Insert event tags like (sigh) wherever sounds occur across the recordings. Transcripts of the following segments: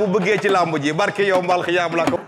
bu bëggee ci làmb ji barke yow mbal xiyaam la ko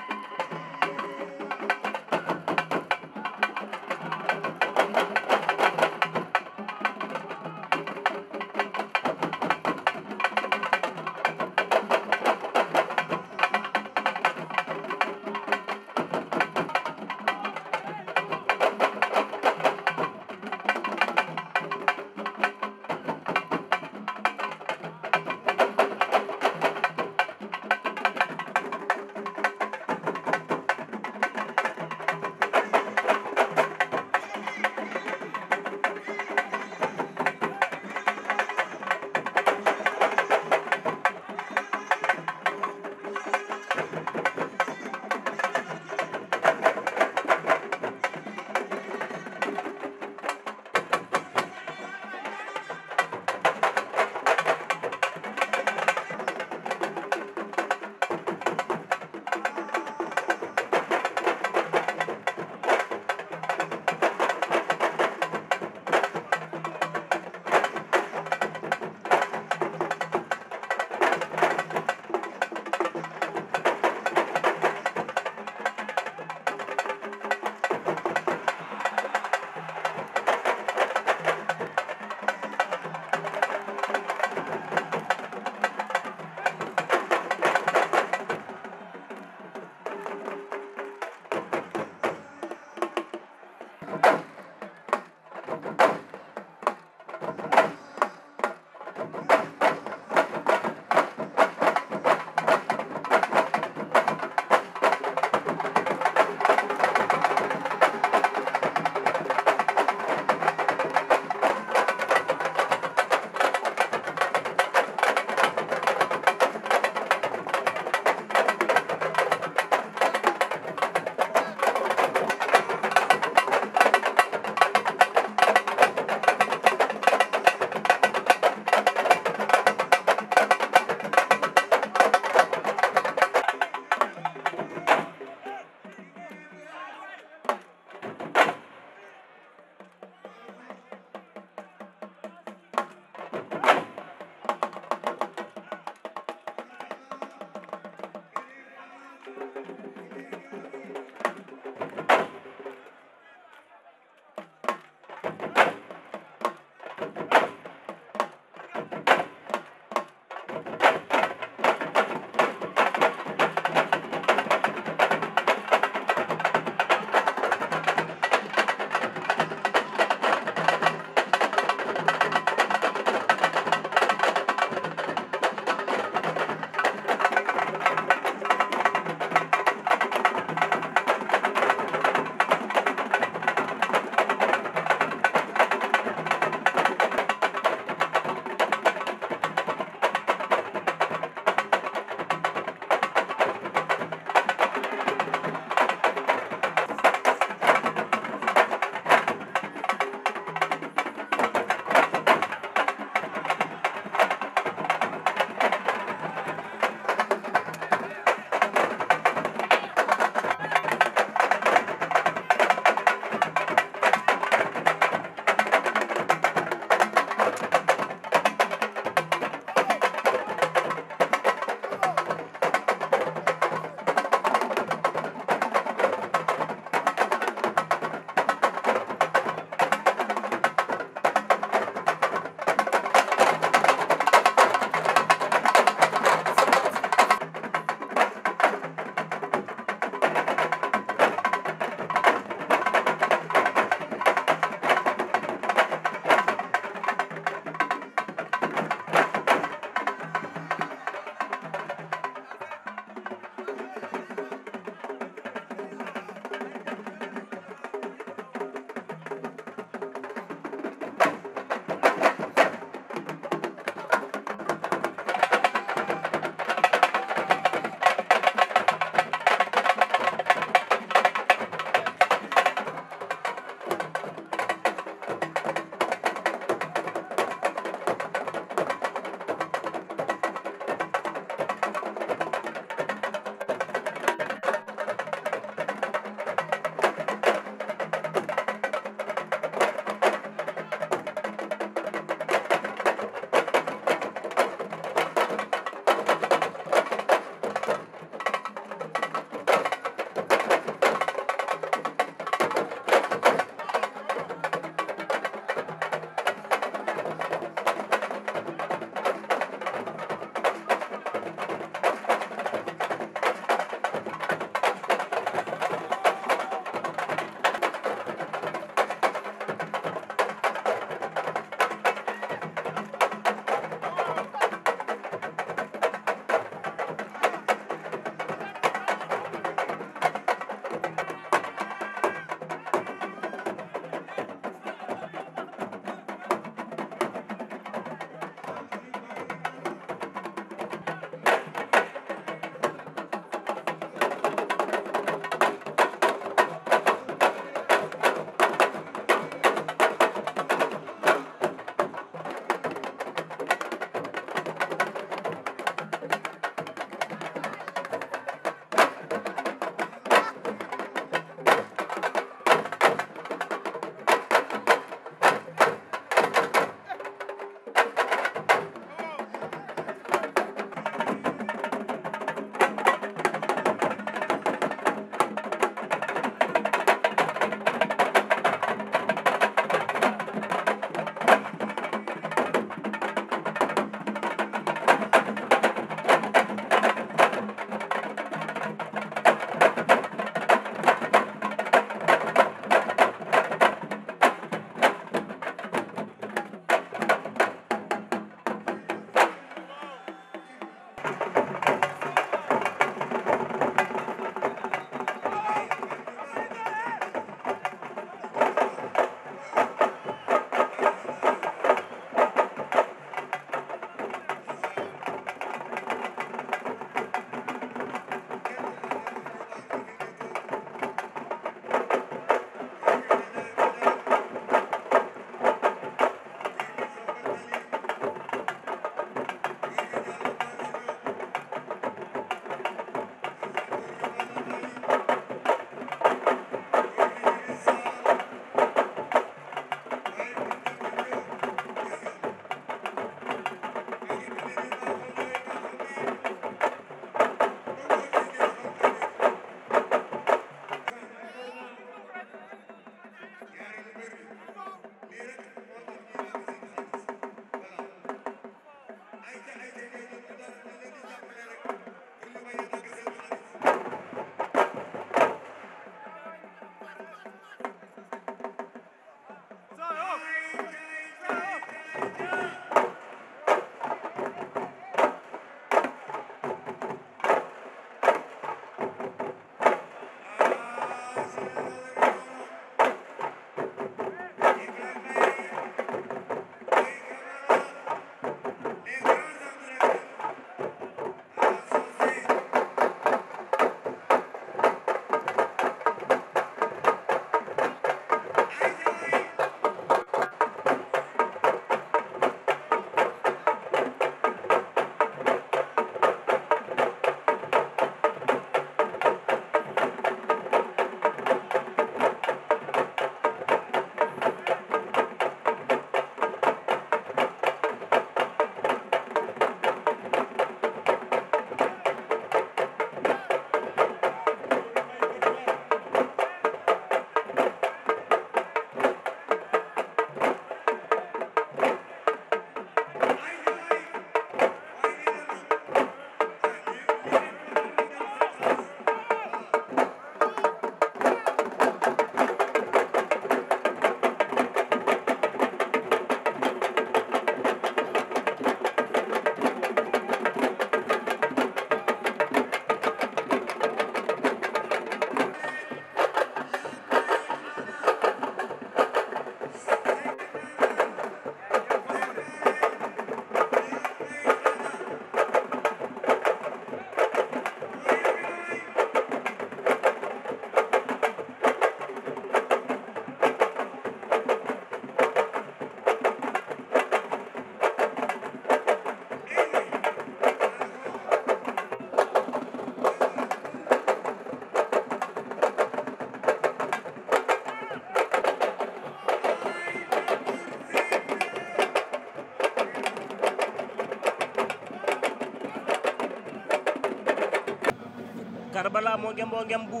Silla moo gemboo gem bu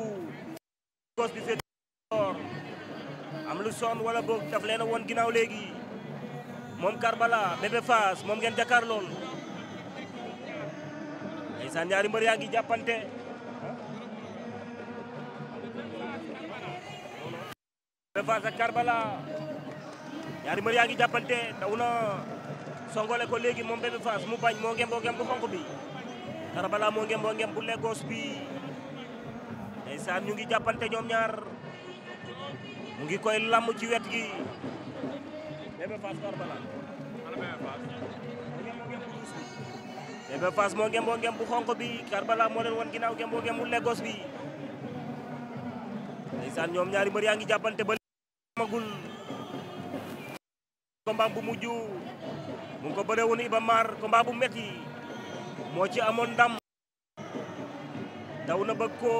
gos bi féet or am lu son wala boog daf leen a woon ginnaaw léegi moom Karbala Bébé Fass moom ngeen jàkkaar lool ñaari mbër yaa ngi jàppante Bébé Fass ak Karbala ñaari mbër yaa ngi jàppante daw na songole ko léegi moom Bébé mu bañ moo ngemboo bu xonq bi Karbala moo ngemboo bu Lagos bi ndeysaan ñu ngi jàppante ñoom ñaar mu ngi koy lamm ci wet gi Bébé Fass Karbala moo ngemboo ngem xonq bi Karbala moo leen won ginnaaw ngemboo ngem bu bi ndeysaan ñoom ñaari mbër yaa ngi jàppante ba magul mu ngi ko bëree woon Iba Mar combat bu metti moo ci amoon ndam daw na bëgg ko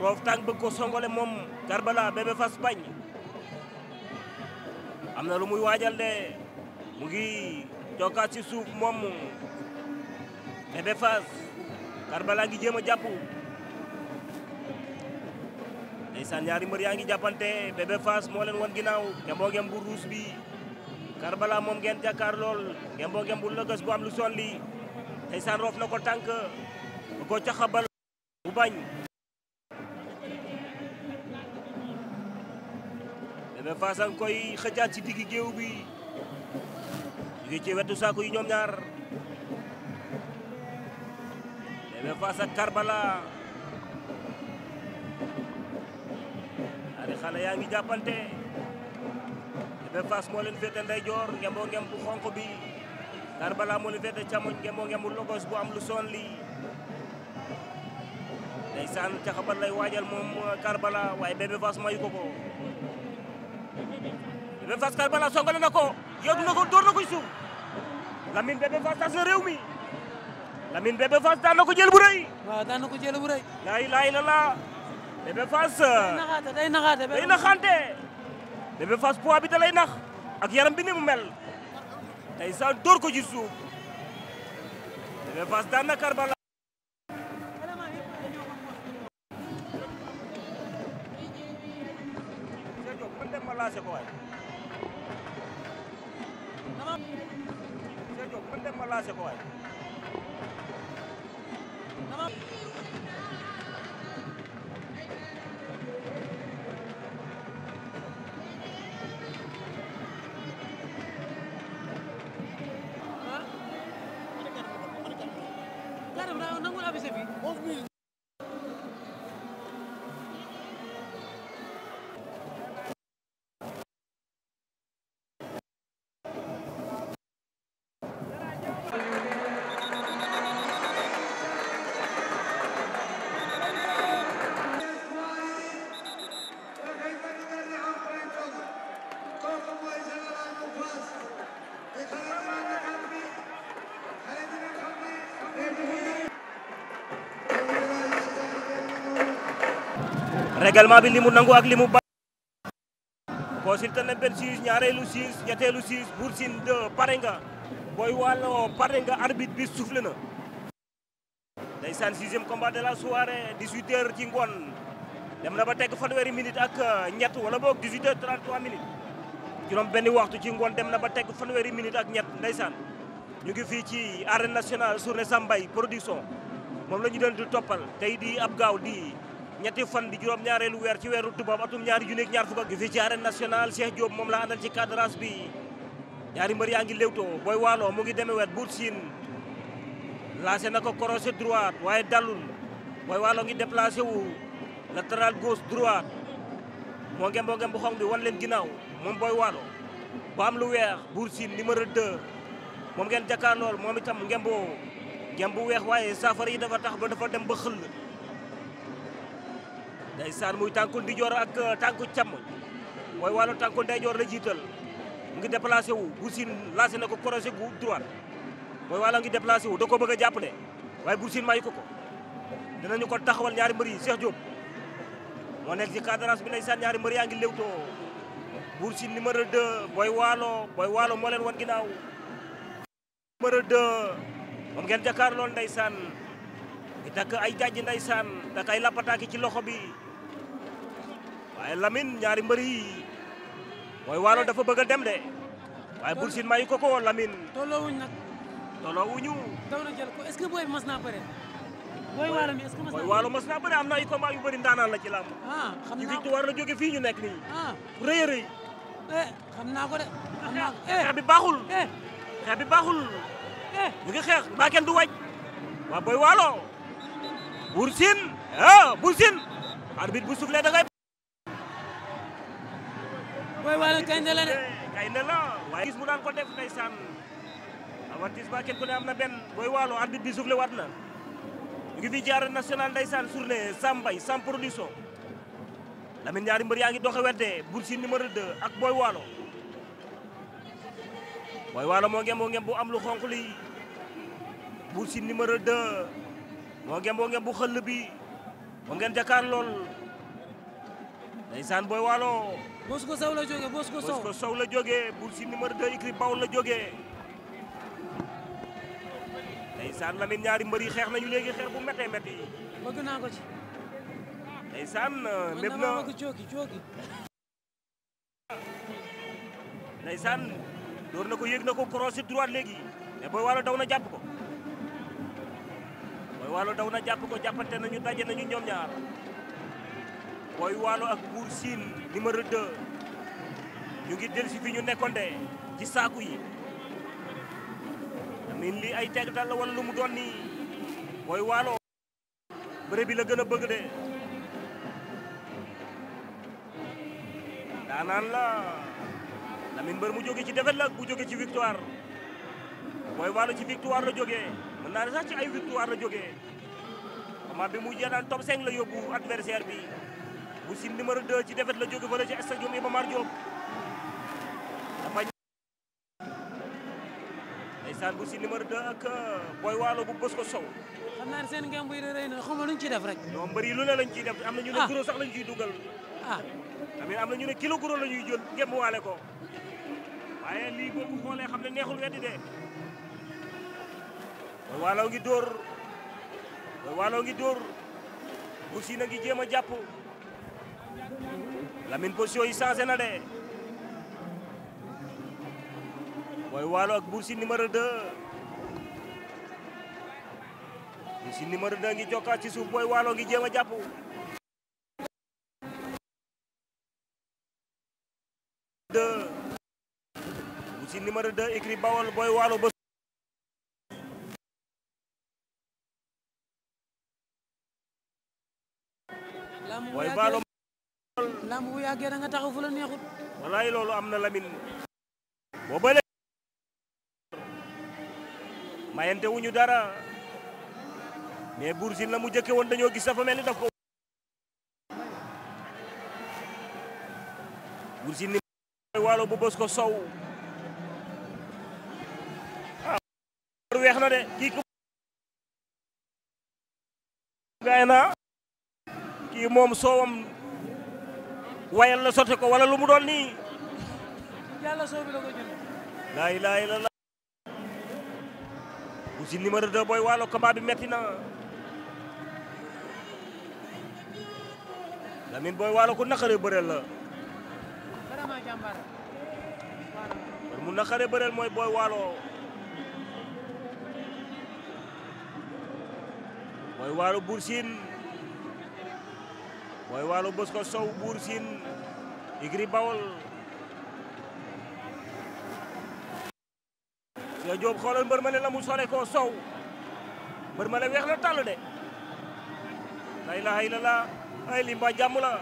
roof tànk bëgg ko songole moom Garba la Bébé Fass bañ am na lu muy waajal de mu ngi jokkaat ci suuf moom Bébé Fass Garba la ngi jéem a jàpp ndeysaan ñaari mbër yaa ngi jàppante Bébé Fass moo leen wan ginnaaw ngemboo ngem bu ruus bi Garba la moom ngeen jàkkaar lool ngemboo ngem bu lëgës bu am lu solli ndeysaan roof na ko tànk bu ko caxabal bu bañ Ada Fass a ngi koy xëjaat ci diggi géew bi ñu ci wetu saako yi ñoom ñaar Ada Fass ak Karbala yaa ngi jàppante Ada moo leen féete ndeyjoor ngemboo ngem bu xonq bi Karbala moo leen féete càmmoñ ngemboo ngem logos bu am lu son li ndeysaan caxabal lay waajal moom Karbala waaye Bébé Fass mayu Bébé Fass Karbala songale na ko yóbbu na ko dóor na ko suuf Lamine Bébé Fass tas na réew mi Lamine Bébé Fass daan daan na ko jël bu rëy. laa ilaaha illallaah Bébé Fass. day day naxaate. day naxante Bébé Fass poids bi nax ak yaram bi ni mu mel tey dóor ko ci suuf Bébé Fass daan na Karbala. Gracias, règlement bi li mu nangu ak limu ba consulté na benn siis ñaareelu siis ñetteelu siis Bour Sine 2 pare nga Boy Walo pare nga arbitre bi soufflé na ndeysaan sixième combat de la soirée 18 ci ngoon dem na ba teg fanweeri minutes ak euh, ñett wala boog 18 heures 33 minutes juróom benn waxtu ci ngoon dem na ba teg fanweeri minutes ak ñett ndeysaan ñu ngi fii ci arène nationale journée Sam Mbaye production moom la ñu doon di toppal tey di ab gaaw di ñetti fan di juróom ñaareelu weer ci weeru tubaab atum ñaari junni ñaar fukk ak fii ci arène nationale Cheikh Diop moom la àndal ci cadrage bi ñaari mbër yaa ngi léwtoo booy waalo mu ngi demee wet buut siin lancé na ko croisé droite waaye dalul booy waalo ngi déplacé wu latéral gauche droite moo ngem boo bu xong bi wan leen ginnaaw moom booy waalo bu am lu weex buur siin numéro 2 moom ngeen jàkkaarlool moom itam ngem boo ngem weex waaye saafara yi dafa tax ba dafa dem ba xëll day ndeysaan muy tànkul ndijoor ak euh, tànku càmmoñ mooy wàllu tànku ndeyjoor la jiital mu ngi déplacé wu Bour Sine na ko crochet gu droit mooy wàllu ngi déplacé wu da koo bëgg a jàppale waaye Bour Sine mayu ko ko dinañu ko taxawal ñaari mbër yi Cheikh Diop moo nekk ci cadrage bi ndeysaan ñaari mbër yaa ngi léwtoo Bour Sine numéro 2 Boy Waalo Boy Waalo moo leen wan ginnaaw numéro 2 moom ngeen jàkkaar lool ndeysaan takk ay jàjj ndeysaan takk ay lapataaki ci loxo bi waaye Lamine ñaari mbër yi mooy waalo dafa bëgg dem de waaye Bour Sine mayu ko ko Lamine. tolloo wuñ nag. tolloo wuñu. daw na jël ko est-ce que booy bi mas naa bëre. booy waalo mi est-ce que mas naa bëre booy naa bëre am yu bëri ndaanaan la ci làmb. ah xam naa ko war na fii ñu nekk nii. ah rëy eh, eh. xeex bi baaxul. eh xeex bi baaxul. eh xeex mbaa kenn du waaj. waa booy waalo. Bour Sine ah Bour Sine arbitre bu soufflé booy waalo gaynde la de. gaynde eh, la waaye gis mu daan ko def ndeysaan avertissement kenn ku ne am na benn booy waalo arbitre bi waat na ñu fi jaar national ndeysaan journée sans mbay sans production Lamine ñaari mbër yaa ngi doxe wedde Bour Sine numéro ak booy waalo booy waalo moo ngem bu am lu xonq li Bour Sine numéro bu xëll bi moo ngeen jàkkaar lool ndeysaan waalo Bosco Sow la jógee Bosco Sow Bosco Sow la jógee Bour Sine numéro 2 écurie Bawol la jógee. ndeysaan Lamine ñaari mbër yi xeex nañu léegi xeex bu méttee métti yi. bëgg naa ko ci. ndeysaan euh, méb na man bëgg cooki cooki. ndeysaan door na ko yéeg na ko croisé droite léegi mais booy waalo daw na jàpp ko. booy waalo daw na jàpp ko jàppante nañu daje nañu ñoom ñaar. booy waalo ak buur siin numéro 2 ñu ngi del si fi ñu nekkoon de ci saaku yi amin li ay tegtal la wala lu mu doon nii booy waalo bëre bi la gën a bëgg de daanaan la Lamine mbër mu jóge ci défaite la bu jóge ci victoire booy waalo ci victoire la jóge mën naa sax ci ay victoire la jógee combat bi mu jeexal top 5 la yóbbu adversaire bi bu sin numéro 2 ci defet la jóge fële ci stadium Iba Mar Diop dafa numéro 2 ak euh, Boy Waalo bu bës ko sow xam naa ne seen ngëm buy rëy na xaw ma lu ñu ciy def rek non mbëri lu ne lañ ciy def am na ñu ne guro ah. sax lañ ciy dugal ah am na ñu ne kilo guro la ñuy jël ngëm waale ko waaye lii boo ko xam ne neexul weddi de Boy Waalo ngi dóor Boy Waalo ngi dóor bu sin a ngi jéem a jàpp Lamine position yi changé na de Boy Waalo ak Bour Sine numéro 2 Bour Sine numéro ngi jokkaat ci suuf Boy Waalo ngi jéem a jàpp Bour Sine numéro 2 écrit Bawol Boy Waalo ba làmb bu yàggee da nga taxaw fu la neexut. walaay loolu am na Lamine. boo ba léegi. mayante wuñu dara. mais Bour Sine la mu jëkke woon dañoo gis dafa mel ni daf ko. Bour ni mooy bu bës ko sow. ah weex na de kii ko. soowam. wayal la sote ko wala lu mu doon nii. yàlla soobi la ko jël. laa ilaaha illallaah. Boussine booy waalo combat bi metti na. Lamine booy waalo ku naqaree bëreel la. vraiment jàmbaar. kon mu naqaree bëreel mooy booy waalo. booy waalo Boussine. mooy wàllu bës ko sow buur siin igri bawol si a joob xoolal mbër ma le la mu sore ko sow mbër ma le weex la tàll de la ilaha la ay li mba jàmm la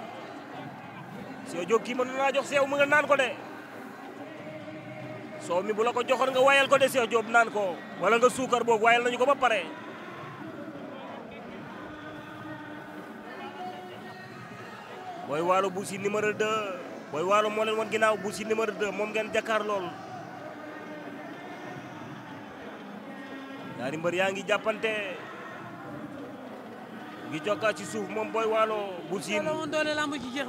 si a joob kii mënu naa jox seew mu nga naan ko de soow mi bu la ko joxoon nga wayal ko de si a joob naan ko wala nga suukar boog wayal nañu ko ba pare Boy Waalo Bou Sine numéro 2 Boy Waalo moo leen wan ginnaaw Bou Sine numéro 2 moom ngeen jàkkaar lool ñaari yaa ngi jàppante ngi jokkaa ci suuf moom Boy Waalo Bou Sine woon doole lamb ji jeex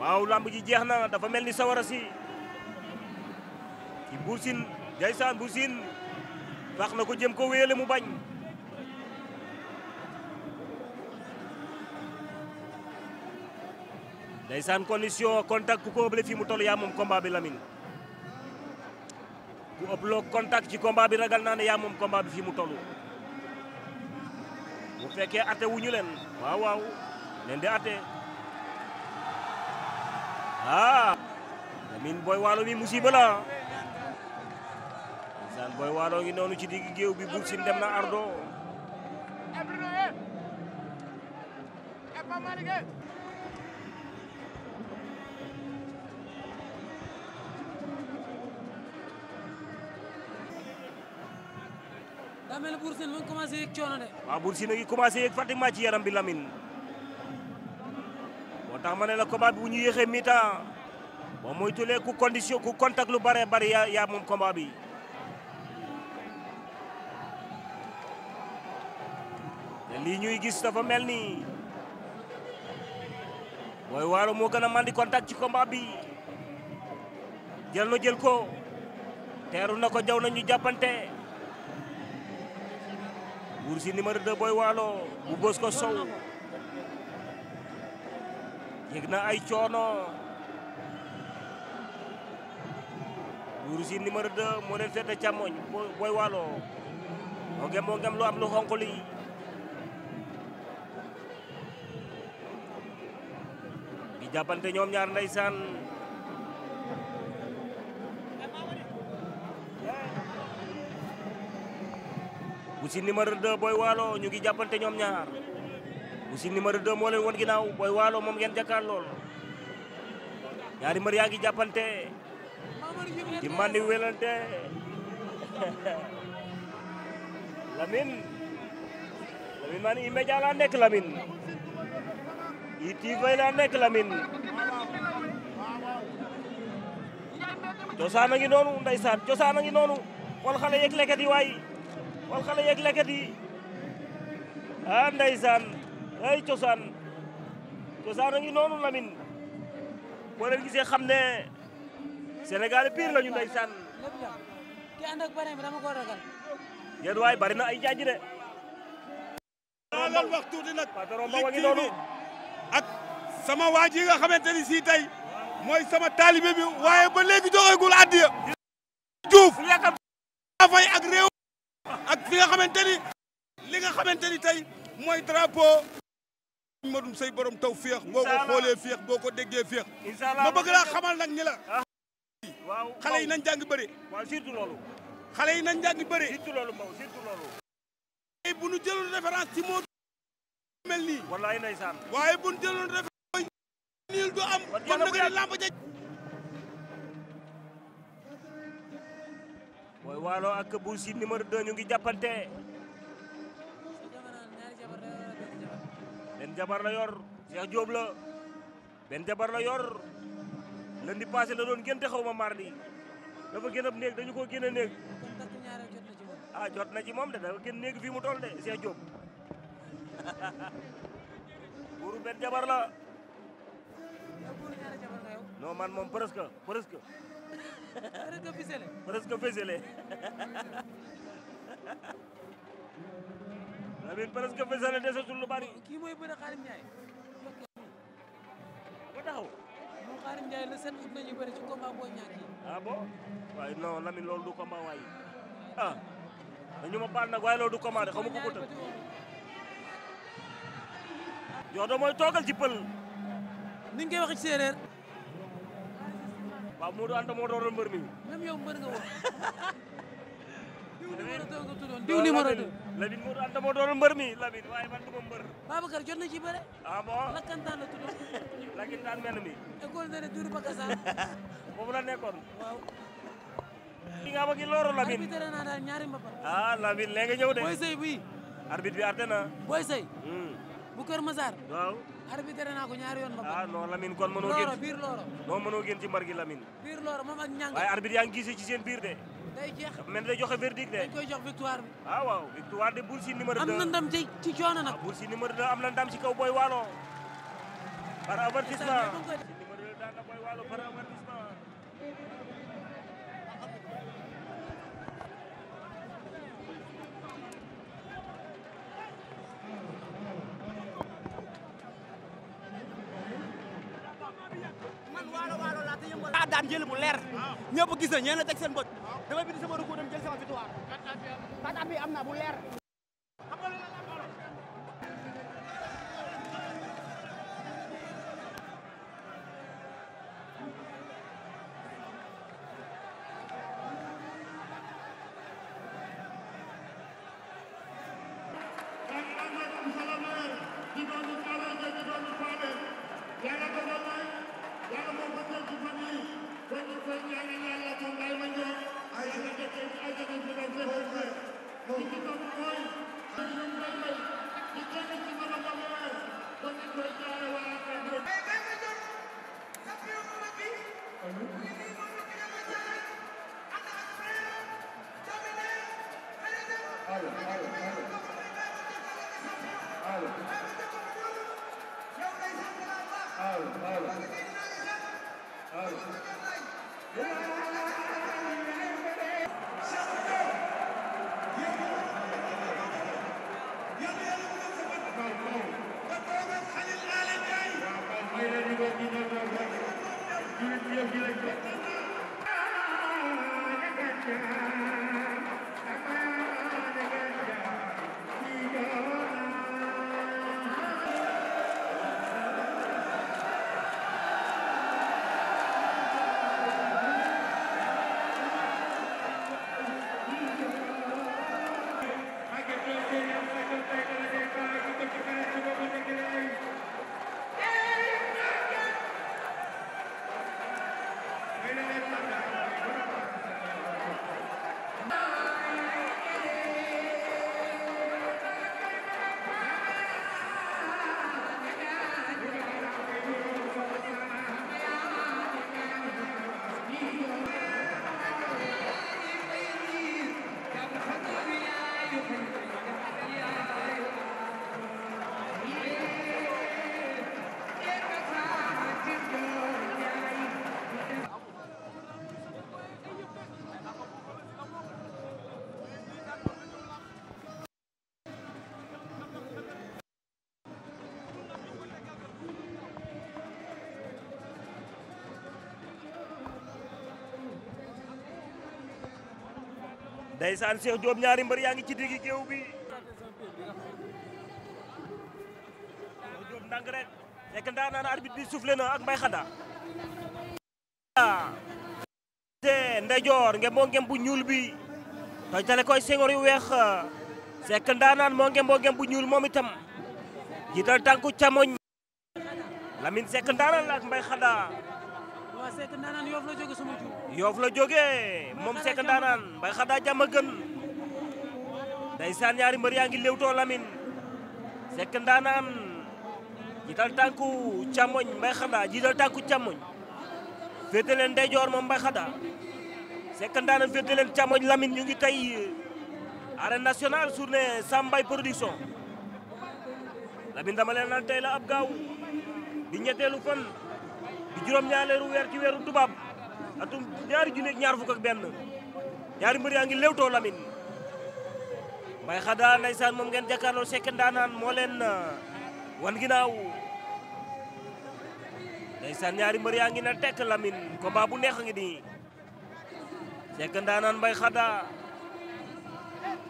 waaw lamb ji jeex na dafa mel ni sawara si ci Bou Sine ndeysaan Bou na ko jëm ko wéele mu bañ ndeysaan condition kontak ku ko ëppale fii mu toll yaa moom combat bi Lamine ku ëppaloo contact ci combat bi ragal naa ne yaa moom combat bi fii mu toll bu fekkee atte wuñu leen waaw waaw leen di atte ah Lamine Boy Walo mi musiba la Boy Walo ngi noonu ci digg géew bi Bour Sine dem na Ardo daa mel ne Bour Sine mu ngi commencé yëg coono yaram bi Lamine. moo tax ma ne la combat bi bu ñu yéexee mi-temps moom mooy tulee ku condition lu bare bari yaa yaa moom bi. te lii ñuy gis dafa mel ni booy waalo moo gën a mën di contact ci combat bi jël na jël ko teeru na ko jaw na ñu Bour Sine numéro 2 Boy Waalo bu bës ko sow yëg na ay coono Bour Sine numéro 2 moo leen féete càmmoñ Boy Waalo moo gem lu am lu xonq li di ñoom ñaar ndeysaan Oussine numéro 2 Boy Waalo ñu ngi jàppante ñoom ñaar Oussine numéro 2 moo leen won ginnaaw Boy Waalo moom ngeen jàkkaar lool ñaari mbër yaa ngi jàppante di mandi welante (laughs) Lamine man immédiat laa nekk Lamine ITV e laa nekk Lamine cosaan a ngi noonu ndeysaan cosaan a ngi noonu xool xale yeeg lekkat yi waay wal xale yeeg leket yi a ah, ndeysaan ay cosaan cosaan a ngi noonu Lamine boo leen gisee xam ne Sénégal biir lañu ndeysaan ki ànd waay bari na ay jaaj de lool wax tuuti nag patron ba ngi noonu ak sama waa nga xamante ni si tey mooy sama taalibe waaye ba léegi joxeegul addiya Diouf fay ak réew ak fi nga xamante ni li nga xamante ni tey mooy drapeau madum sey borom taw féex boo ko xoolee féex boo ko déggee féex ma bëgg laa xamal nag ñi la xale yi nañ jàng bëri waaw surtout xale yi nañ jàng bëri surtout loolu Mbow surtout loolu waaye bu ñu jëloon référence ci moo mel nii wallaay ndeysaan waaye bu ñu jëloon référence niil du am kon nag lamb ja Boy Waalo ak Bou Sine numéro 2 ñu ngi jàppante. benn jabar la yor Cheikh Diop la benn jabar la yor lundi passé la doon génte xaw ma mardi dafa gën ab néeg dañu koo gën a néeg ah jot na ci moom de dafa gën néeg fii mu toll de Cheikh Diop (laughs) buuru benn jabar la non man moom presque presque. presque ficelé. presque ficelé. Lamine presque ficelé desatul lu bari. kii mooy bëre Xaarim Ndiaye. ba taxaw. moom Xaarim Ndiaye la seen ut nañu bëri ci combat boo ñàkk yi. ah bon waaye non Lamine loolu du combat waaye ah. dañu ma baal nag waaye loolu du commandé xamu ko ko tënk. jox do toogal ci pël. ni nga koy waxee ci séeréer. waaw Modou Anta moo doon mbër mi. même yow mbër nga wax. (laughs) diw numéro 2 nga tuddoon diw numéro 2. Lamine Modou Anta moo doon mbër mi Lamine waaye man du ma mbër. Babacar jot na ci bëre. ah bon lakkantaan la tuddoon. lakkantaan (laughs) mel mi. école de Doudou Bakassar. (laughs) foofu la naa daal ñaari mbapat. ah Lamine léegi ñëw de. Boy Sey bii. arbitre bi àtte na. Boy Sey. Hmm. bu Kër Massar. arbitré naa ko ñaari yoon ba pare. ah non Lamine kon mënoo génn biir looro non mënoo génn ci mbar gi Lamine. waaye arbitre yaa ngi ci seen biir de. day jeex mel day joxe verdict de. dañ koy jox victoire bi. ah waaw victoire de Bour Sine numéro 2. am na ndam ci ci coono nag. ah Bour Sine numéro 2 am na ci kaw Boy Waalo daan jël bu leer ñëpp gis na ñeen la teg seen bët dama bind sama recours dem jël sama victoire kat at bi am na bu leer ndeysaan Cheikh Diop ñaari mbër yaa ngi ci diggi géew bi Cheikh Diop ndang rek fekk ndaa na ak Mbaye Khada te ndeyjoor nge moo ngem bu ñuul bi toj tale koy sengoor yu weex fekk ndaa naan moo bu ñuul moom itam jiital tànku camoñ Lamine Seck ndaanaan la ak Mbaye Khada waa Seck yoof la jóge Joof la jógee moom Seck Ndaanaan Mbaye Xada jàmm gën ndeysaan ñaari mbër yaa ngi léewtoo Lamine Seck Ndaanaan jiital tànku càmmoñ Mbaye Xada jiital tànku càmmoñ féete leen moom Mbaye Xada Seck Ndaanaan féete leen càmmoñ Lamine ñu ngi tey arène nationale journée Sambay production Lamine dama leen tey la ab gaaw di ñetteelu fan di juróom-ñaareelu weer ci weeru tubaab. atum ñaari junni ñaar fukk ak benn ñaari mbër yaa ngi lewtoo lamin mbay xadaa ndeysaan moom ngeen jàkkaarloo sekk ndaanaan moo leen uh, wan ginnaaw ndeysaan ñaari mbër yaa ngi na tekk lamin combat bu neex a ngi nii sekk ndaanaan mbay xadaa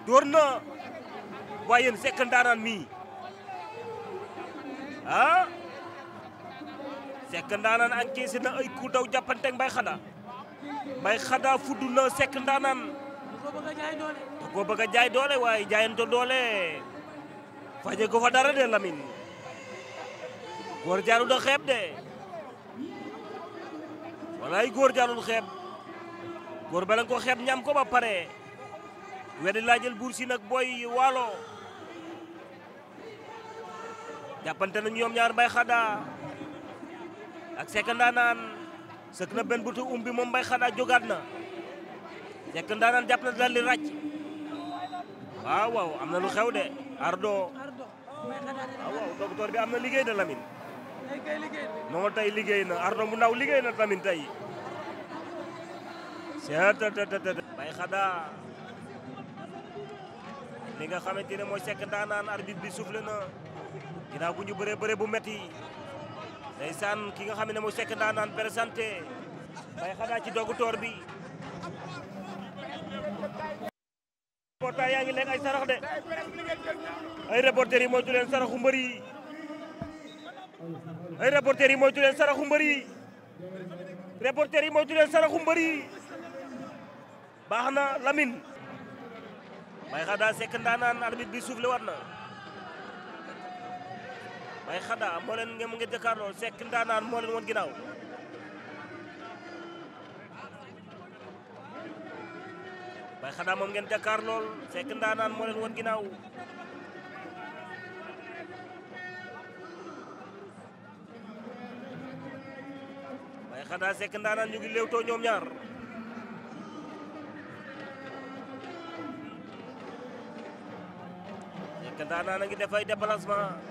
door na waaye yéen sekk ndaanaan mii ah sekk ndaanaan encaissé na ay daw jàppante mbay xadaa mbay xadaa fudd na sekk ndaanaan da koo bëgg a doole waaye jaayante doole faje ko fa dara de lamin góor jaarul da xeeb de walaay góor jaarul xeeb góor bala nga ko xeeb ñam ko ba pare wedi laa jël buur si nag booy waalo jàppante na ñoom ñaar mbay xadaa ak sekk ndaanaan sëkk na benn butu umbi moom mbay xadaa jógaat na sekk ndaanaan jàpp na daal di waaw waaw am na lu xew de ardo waaw waaw docteur bi am na liggéey na Lamine non tey liggéey na ardo mu ndaw liggéey na Lamine tey seetatatatat mbay xadaa li nga xamante ne mooy sekk ndaanaan arbitre bi soufflé na ginnaaw bu ñu bëree bëree bu metti ndeysaan ki nga xam ne mooy sekk ndaanaan présenté bay xanaa ci bi reporter yaa ngi lekk ay sarax de ay reporter yi moytu leen saraxu mbër yi ay reporter yi moytu leen yi reporter yi moytu leen saraxu baax na Lamine bay xanaa sekk ndaanaan arbitre bi soufflé war na waaye xadaa moo leen mu ngi jàkkaarloo Sekk Ndaanaan moo leen woon ginnaaw waaye moom ngeen jàkkaar lool Sekk Ndaanaan moo leen woon ginnaaw waaye xadaa Sekk Ndaanaan ñu ngi léewtoo ñoom ñaar Sekk Ndaanaan a ngi def ay déplacement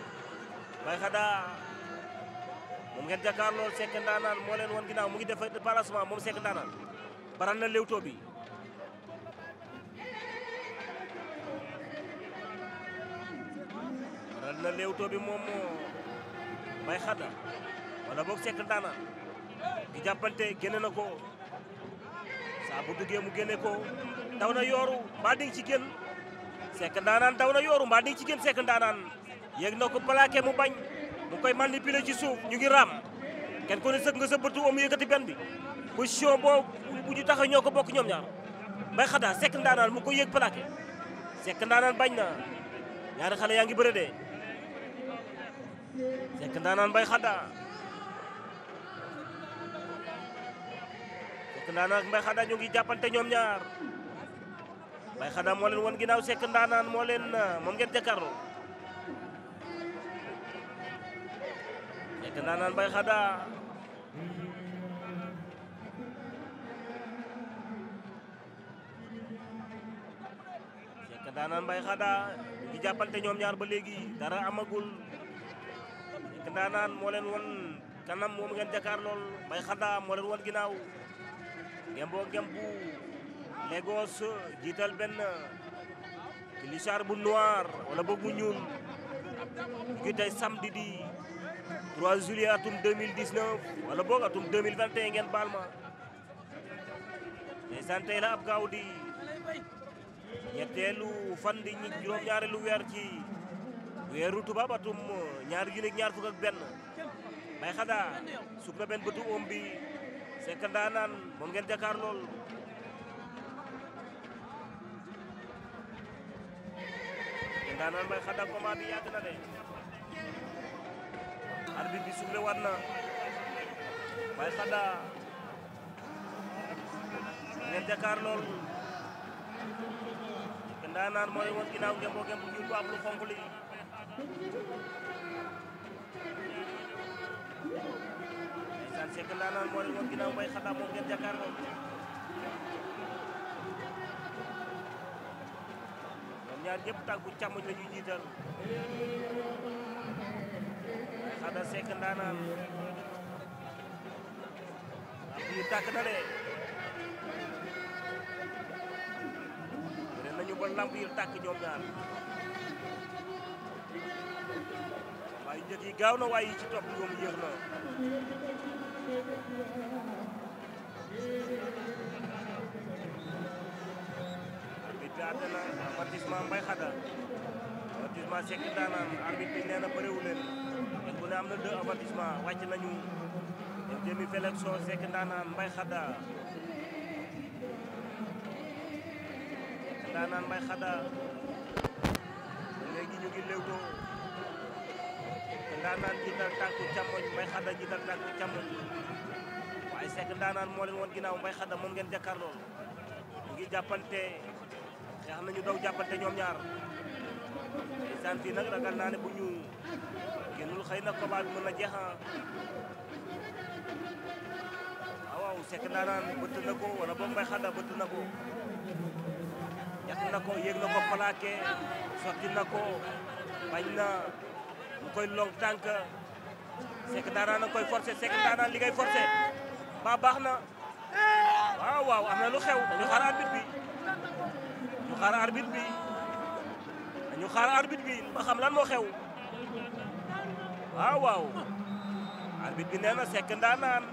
Mbaye Khada moom ngeen jàkkaar lool Seck Ndaanaan moo leen wan ginnaaw mu ngi def déplacement moom Seck Ndaanaan baral na léwto bi baral na léwto bi moom Mbaye Khada wala boog Seck Ndaanaan di jàppante génne na ko saa bu duggee mu génne ko daw na yooru mbaa di nga ci génn Seck Ndaanaan daw na yooru mba di nga ci génn Seck Ndaanaan yéeg na ko plaqué mu bañ mu koy manipuler ci suuf ñu ngi raam kenn ku ne sëg nga sa bëtu am yëkkati benn bi position boo bu ñu taxaw ñoo ko bokk ñoom ñaar mbay xataa sekk ndaanaan mu ko yëg plaqué sekk ndaanaan bañ yaa ngi bëre dee sekk ndaanaan mbay xataa sekk ndaanaan mbay xataa ñu ngi jàppante ñoom ñaar mbay xataa moo leen won ginnaaw sekk ndaanaan moo leen moom ngeen jàkkaarloo nekk naa naan bay xadaa nekk bay xadaa di ñoom ñaar ba léegi dara amagul nekk naa naan kanam moom ngeen jàkkaar lool bay xadaa moo leen won ginnaaw ngem jiital benn kilisaar bu noir wala boog bu ñuul ñu 3 juillet atum 2019 wala boog atum 2021 ngeen baal ma ndeysaan tey la ab gaaw di ñetteelu fan di juróom-ñaareelu weer ci weeru tubaab atum ñaari junni ak ñaar fukk benn bay xada suk na benn bëtu om bi ndaanaan moom ngeen jàkkaar lool ndaanaan bay xada combat bi yàgg na arbitre bi soufflé waat na Baye Khada ngeen jàkkaar lool ndaanaan moo leen woon ginnaaw ngeen boo lu xonk li ndeysaan Seck ndaanaan moo leen woon ginnaaw Baye lool ñoom ñaar ñëpp tàggu càmmoñ la jiital Ada Seck ndaanaan am tàkk na de nañu ba lamb yu tàkk ñoom ñaar waaye njëkk yi gaaw na waaye yi ci topp ñoom yéex na arbitre àtte na avertissement Mbaye Khada avertissement Seck ndaanaan arbitre bi nee na ne am na deux avertissement wàcc nañu jëmi Félixson Seck ndaanaan Mbay Xada ndaanaan Mbay Xada léegi ñu ngi léewtoo ndaanaan jiital tànku càmmoñ Mbay Xada jiital tànku càmmoñ waaye Seck ndaanaan moo leen woon ginnaaw Mbay Xada moom ngeen jàkkaarloo ngi jàppante xeex nañu daw jàppante ñoom ñaar saan fii nag ragal naa ne bu ñuu génnul xëy na combat bi mën na jeex waaw waaw sekk ndaanaan bëtt na ko wala ba mbay xanda ko yàq ko yéeg na ko plaqué ko bañ na koy long tànk sekk koy forcé sekk ndaanaan li ba baax waaw waaw am na lu xew dañu xaar arbitre bi ñu xaar arbitre bi dañu xaar arbitre bi ba xam lan moo xew waaw waaw arbitre bi nee na sekk ndaanaan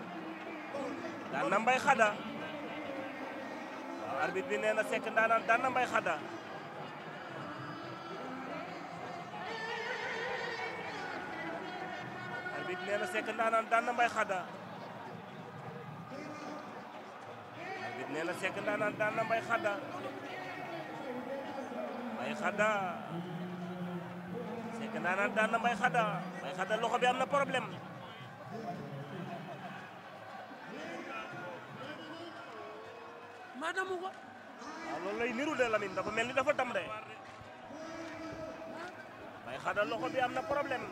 daan na mbay xada waaw arbitre bi nee na sekk ndaanaan daan na mbay xada arbitre nee na sekk ndaanaan daan na mbay xada arbitre nee na sekk ndaanaan daan na mbay xada mbay xada fekk naa naan daan na mbay xadda mbay xadda loxo bi am na problème maanaam wa waaw loolu lay niru de Lamine dafa mel ni dafa dam de mbay xadda loxo bi am na problème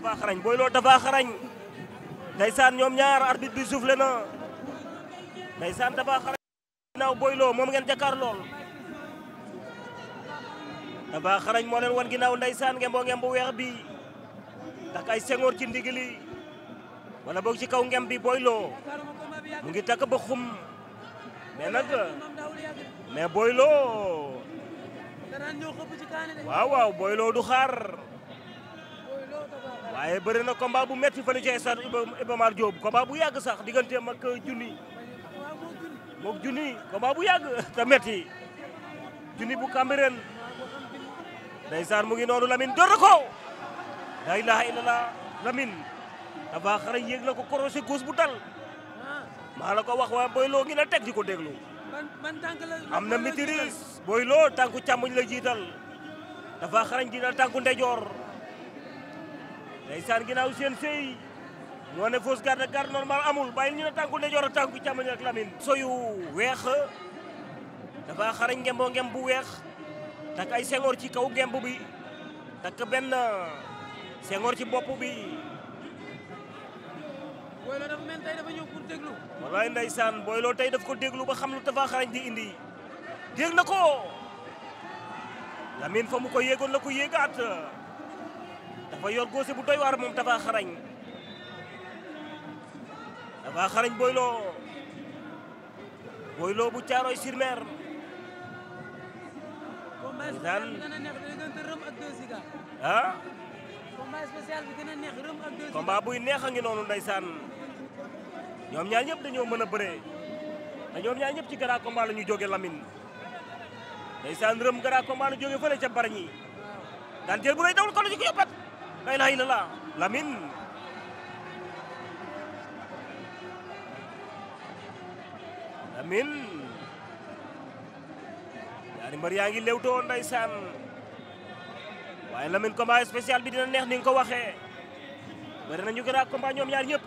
dafa xarañ booy loo dafa xarañ ndeysaan ñoom ñaar arbitre bi soufflé na ndeysaan dafa xarañ ginnaaw booy loo moom ngeen jàkkaar lool dafa xarañ moo leen wan ginnaaw ndeysaan ngemboo ngemb bu weex bi takk ay sengoor ci ndigili wala boog ci kaw ngem bi booy loo mu ngi takk ba xum mais nag mais booy loo waaw waaw du xaar waaye bëri na combat bu metti fële ci stade Iba Mar Diop combat bu yàgg sax digganteem ak junni moog junni combat bu yàgg te metti junni bu Cambérène ndeysaan mu ngi noonu Lamine dor na ko la ilaha illallah Lamine dafa xara yéeg na ko croisé gauche bu dal maa la ko wax waaye Boy Lo ngi na teg ji ko déglu am na maîtrise Boy Lo tànku càmmoñ la jiital dafa xarañ jiital tànku ndejoor ndeysaan ginnaaw seen sey moo ne fausse garde ak garde normal amul bàyyi ñu ne tànku ne a tànku càmmoñ ak Lamine soyu weex dafa xarañ ngemboo ngem bu weex takk ay sengoor ci kaw gemb bi takk benn uh, sengoor ci bopp bi Boy Lo dafa mel tey dafa ñëw pour déglu wallaay ndeysaan Boy Lo tey daf ko déglu ba xam lu Tapha Xarañ di indi dégg na ko Lamine fa mu ko yéegoon la ko yéegaat dafa yor góose bu doy waar moom dafa xarañ dafa xarañ Boy Lo Boy bu Caaroy sur Mer daan ah combat spécial bi gën a neex rëm ak deux ñoom ñaar ñëpp dañoo mën a bëree te ñoom ñaar ñëpp ci gara combat la ñu jóge Lamine ndeysaan rëm gara combat la jóge fële ca Bargny daan jël bu dawul ko la ci la ilaha illallah Lamine Lamine ñaari mbër yaa ngi lewtoo ndeysaan waaye Lamine combat spécial bi dina neex ni nga ko waxee bëri nañu gën a combat ñoom ñaar ñëpp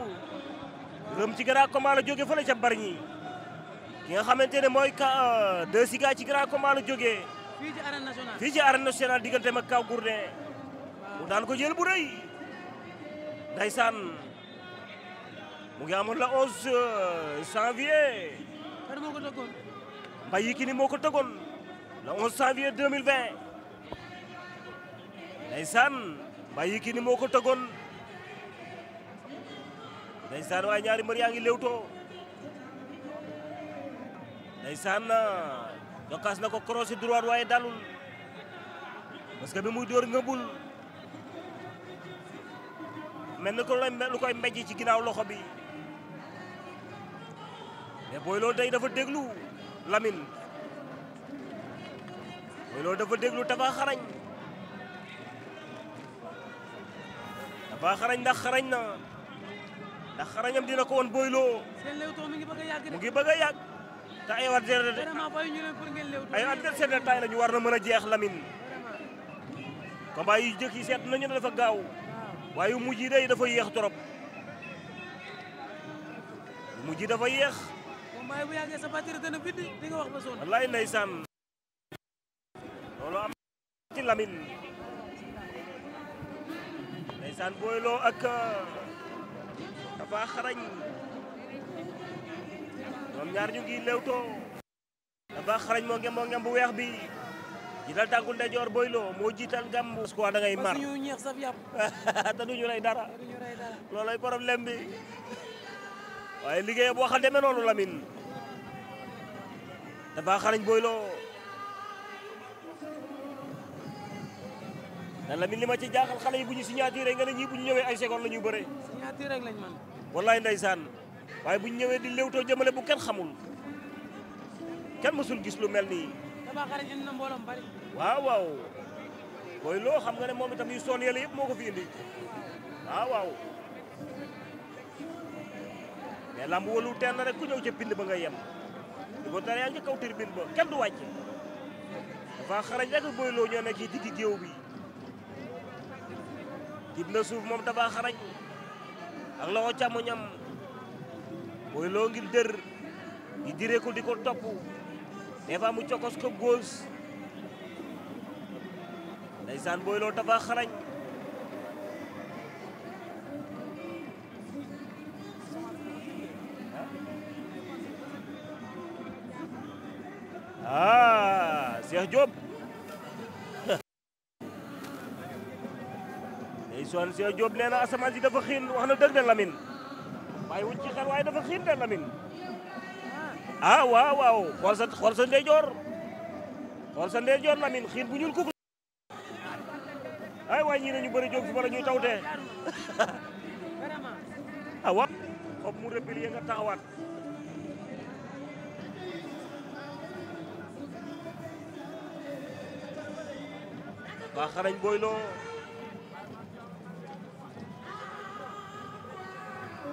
rëm ci grand combat la jóge fële ca bari ñi ki nga xamante ne mooy ka eh, deux siga ci grand combat la jógee fii ci arène nationale diggante ma kaw gourne mu daan ko jël bu rëy ndaysaan mu ngi amoon la 11 euh, janvier. kan moo ko tëggoon. Mbaye Yékini moo ko tëggoon la 11 janvier 2020 ndaysaan Mbaye Yékini moo ko tëggoon ndaysaan waaye ñaari mbër ngi lewtoo ndaysaan euh, jokkaas na ko croisé droit waaye dalul parce que bi muy dóor ngëbul mel na ko lu koy mbéj ci ginnaaw loxo bi mais Boy Lo tey dafa déglu Lamine Boy Lo dafa déglu Tapha xarañ Tapha xarañ ndax xarañ na ndax xarañam dina ko woon Boy Lo mu ngi bëgg a yàgg te ay adversaire ay adversaire de taille la ñu war na mën a jeex Lamine combat yu jëkk yi seet nañu dafa gaaw waaye mujj yi day dafa yéex trop mujj dafa yéex. moom waaye bu di nga wax ba sonn. wallaay ndeysaan loolu am ci lamin ndeysaan booy loo ak dafa euh, xarañ ñoom ñaar ñu ngi lewtoo dafa xarañ moo ngem bu weex bi. jiital tànkul ndejoor Boy Lo moo jiital gàmm. parce que da ngay mar parce que ñeex saf yàpp. (laughs) (laughs) te duñu rey dara. duñu rey dara loolay problème liggéey boo xam demee noonu Lamine dafa xarañ Boy Lo dan Lamine ma ci jaaxal xale yi bu ñu signature nga ne ñii bu ñu ñëwee ay seconde la ñuy bëre. signature rek lañ mën. ñëwee di léewtoo jëmale bu kenn xamul kenn mësul gis lu mel nii. waaw waaw loo xam nga ne moom itam yu sonn yële yëpp moo ko fi indi waaw lamb wóolu teen na ku ñëw ca pind ba nga yem di ko tere yaa ngi kaw tribune ba kenn du wàcc dafa xarañ rek booy loo ñoo nekk ci diggi bi jib na suuf moom dafa xarañ ak loxo càmmoñam booy loo dër di direekul di ko topp des fois mu cokos ko góos ndeysaan booy loo dafa xarañ ah Cheikh Diop ndeysaan Cheikh Diop nee na asamaan si dafa xiin wax na dëgg de Lamine bàyyi wuñ ci xel waaye dafa xiin de Lamine ah waaw waaw xool sa xool sa ndeyjoor xool sa ndeyjoor Lamine xiin bu ñuul kuk ay waay ñii nañu bëri jóg fi bala ñuy tawtee (laughs) ah xob mu replier nga taxawaat ba xarañ loo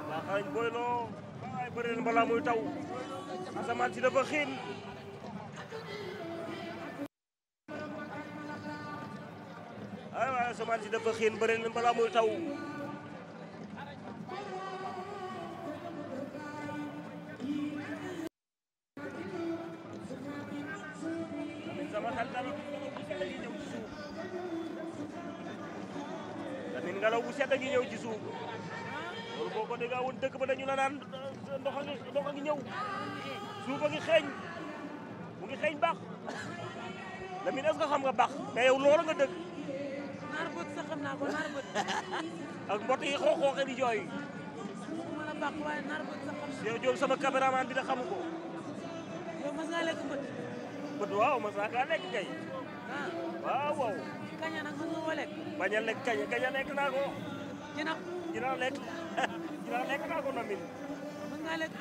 ba xarañ loo ay bëri leen taw asamaan si dafa xiin ay waay xiin bëri na balaa muy taw sama xel dara bu sedd a ngi ñëw ci suuf loolu boo ko déggee dëkk ba dañu la naan ndox a ngi ñëw suuba ngi xeeñ mu ngi xeeñ baax Lamine est-ce que xam nga baax mais yow loolu nga dëgg naar bët sax xam naa ko naar bët (laughs) ak mbott yi xoox xooxe di jooy xam xamu ko yow mas ngaa lekk bët bët waaw mas ngaa lekk kay ah. waaw waaw kaña nag mën nga ko lekk bañ a lekk kaña kaña lekk naa ko jinax jinax lekk (laughs) jinax lekk naa ko Lamine mën ngaa lekk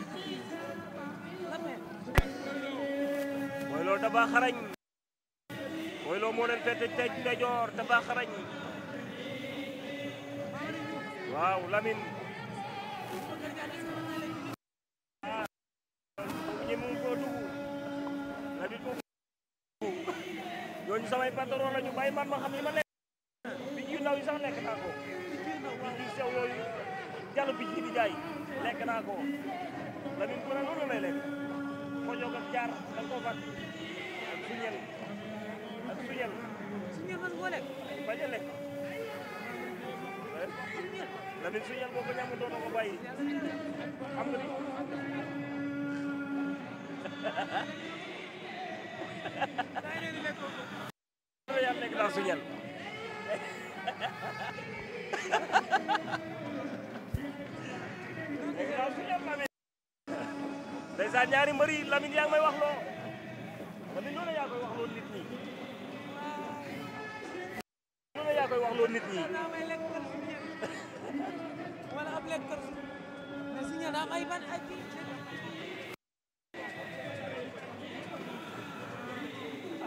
Boy Lo Daba Xarañ Boy Lo moo leen fete tej ndejoor Daba waaw Lamine ñi mu ko dugg na bi ko ñooñu samay patron ñu bàyyi man ma xam li ma nekk bi yu ndaw yi sax lekk naa ko bi yu sew yooyu jàll bi di jaay lekk naa ko Lamine ku loolu lay lekk ko jóg ak jaar ak suñel ak suñel. suñel man boo lekk. bañ a lekk. Lamine suñel boo ko ñàmm doon ko bàyyi xam nga ni. yaa nekk naa suñel. ndeysaan ñaari mbër yi yaa may wax loo Lamine noonu yaa koy wax loo nit ñi noonu yaa koy wax loo nit ñi wala si ñaan am ay ban ay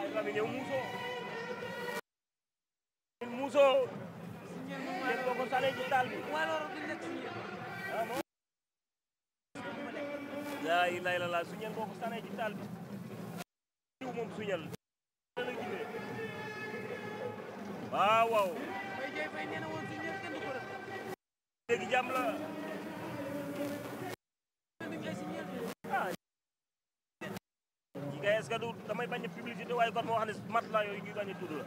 ay Lamine yow muusoo muusoo yéen boo ko salee ci taal bi ilaha illallah suñel boo ko sanee ci taal bi diw moom suñel waaw waaw léegi jàmm la est-ce du damay bañ a publicité waaye kon moo xam mat la yooyu ñuy bañ a tudd la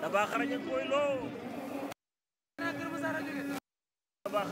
(laughs) dafa xarañ ak mooy loo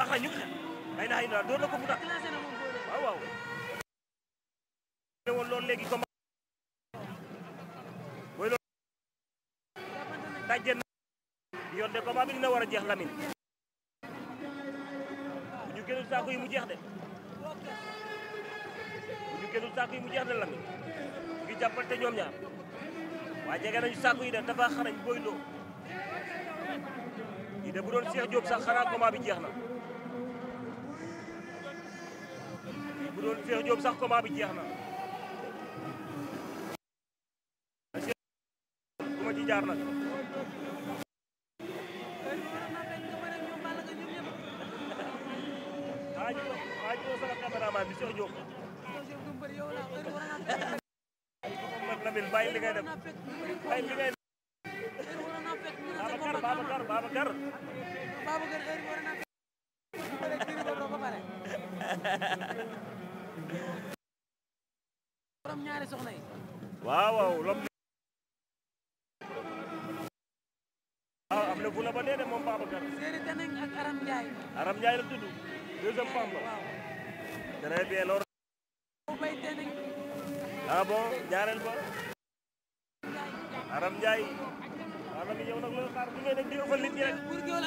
Faxañu day naa indi door na ko mu tàkk na yoon de combat bi war a jeex Lamine. bu ñu gënul saako yi mu jeex de. bu ñu gënul saako mu jeex de Lamine. ñu ngi jàppante ñoom ñaar. waaye jege nañu saako yi de dafa xarañ booy loo. lii de bu doon Cheikh Diop sax xanaa combat bi jeex na. bu doon Cheikh Diop sax combat bi jeex na. bu ma ji waa na waaw waaw lom waaw ah, am na fu la ba dee de moom Babacar séeréer danañ ak Aram Ndiaye Aram Ndiaye la tudd deuxième femme la très bien loolu ah ah, am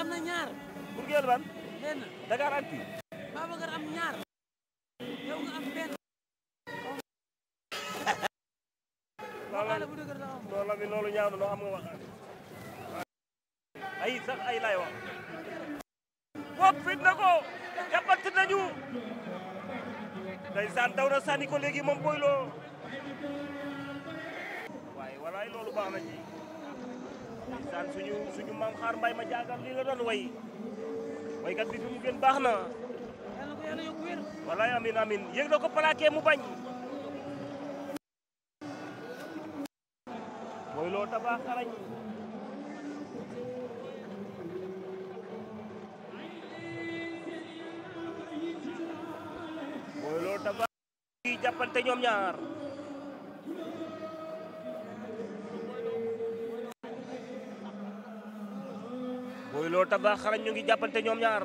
na ñaar Bour Gueweul ban benn Dakar ak kii Babacar am ñaar bi loolu ñaaw na loo am ay sax ay lay wax bopp fit na ko jàppante nañu daw na sànni ko léegi moom boy loo waaye walaay loolu baax na ci ndeysaan suñu suñu maam xaar mbay ma jaagal li la way waykat bi fi mu gën baax na walaay amin amin yéeg na ko mu bañ Mourtaba Xarañ Boylo Tapha Gueye jàppante ñoom ñaar Boylo Tapha Xarañ ñu ngi jàppante ñoom ñaar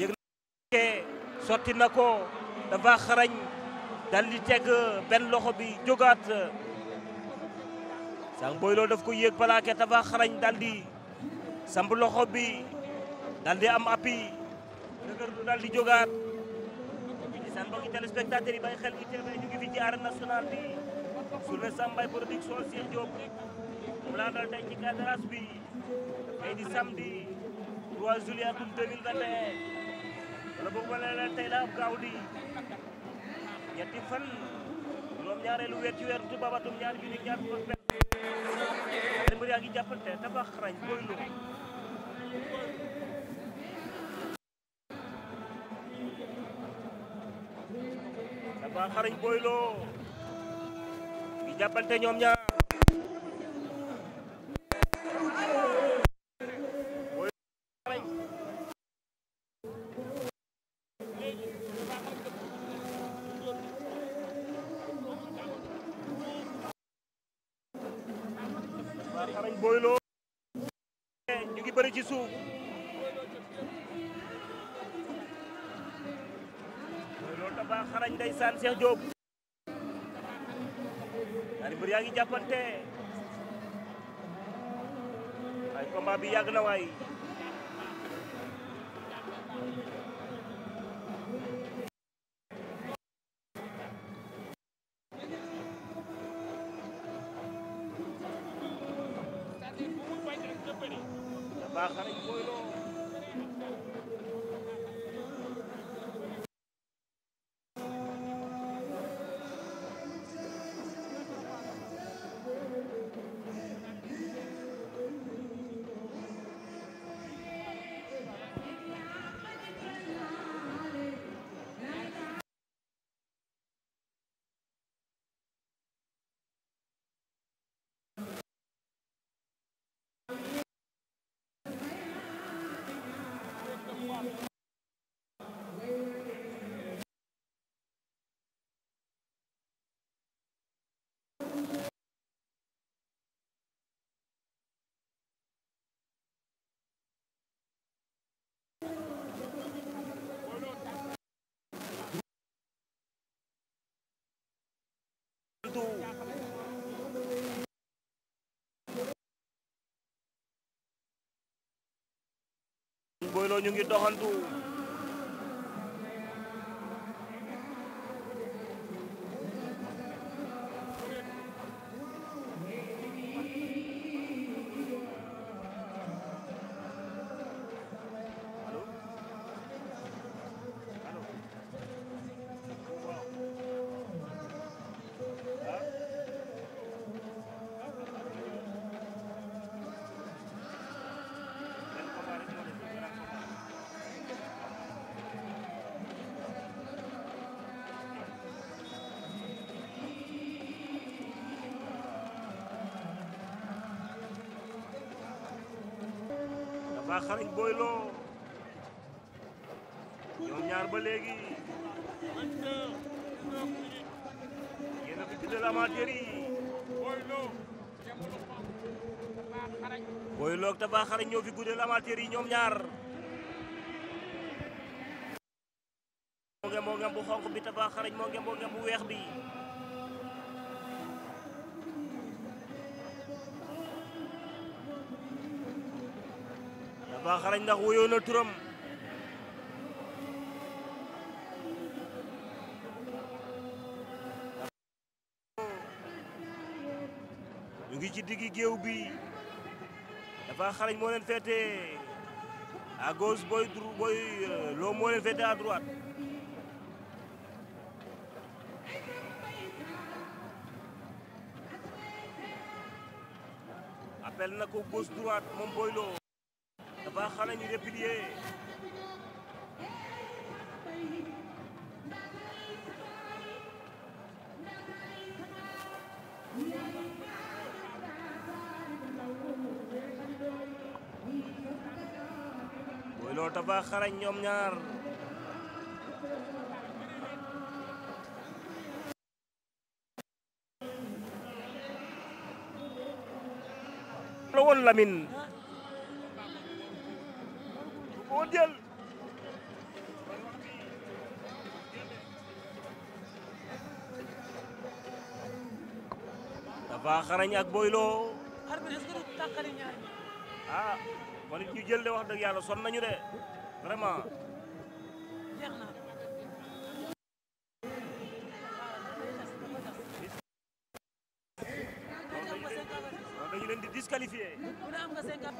yëg na sotti na ko Tapha Xarañ dal di teg benn loxo bi jógaat sang booy loo daf ko yéeg plaqué Tapha xarañ daal di samb loxo bi daal di am appui dëgër du daal di jógaat seen mbokki téléspectateurs yi bàyyi xel ñu teel ñu ngi fi ci arène nationale bi journée Sam Mbaye production Cheikh Diop moom laa dal tey ci cadrage bi tey di samedi 3 juillet atum 2021 wala boog wala la tey la ab gaaw di ñetti fan juróom ñaareelu weer ci weer tubaab atum ñaar junni ñaar yaa ngi jàppante dafa xarañ booy loo dafa xarañ booy ñoom ñaar Boy Lo ñu ngi bëri ci suuf Boy Lo Tapha xarañ ndeysaan Cheikh Diop ñaari mbër yaa ngi bi yàgg na waay tudd Boy Lo ñu ngi doxantu Paa Xarañ Boy Lo ñoom ñaar ba léegi yéen a fi tuddee amateur yi Boy Lo ak Xarañ ñoo fi guddeel amateur yi ñoom ñaar moo ngem moo ngem bu xonq bi Tapha Xarañ moo ngem moo ngem bu weex bi xarañ ndax wuyoo na turam ñu ngi ci diggi géew bi dafa xarañ moo leen féete à gauche booy booy euh, loo moo leen féete appel na ko gauche droite moom booy loo Baja de Pilier. Boy Lo ñoom ñaar xarañ ak boyloo. arbitre est-ce que du tàqali ñaar ñi. ah wala ñu jël de wax dëgg yàlla son nañu de vraiment. jeex na. dañu di disqualifié. bu dee am nga